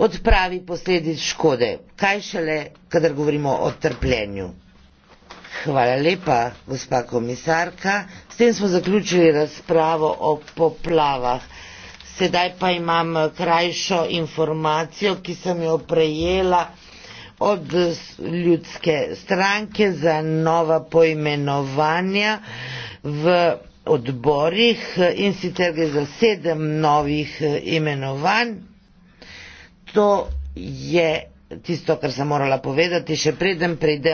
odpravi posledic škode, kaj šele, kadar govorimo o trpljenju. Hvala lepa, gospa komisarka. S tem smo zaključili razpravo o poplavah. Sedaj pa imam krajšo informacijo, ki sem jo prejela od ljudske stranke za nova poimenovanja v odborih in sicer gre za sedem novih imenovanj to je tisto kar sem morala povedati še preden preidem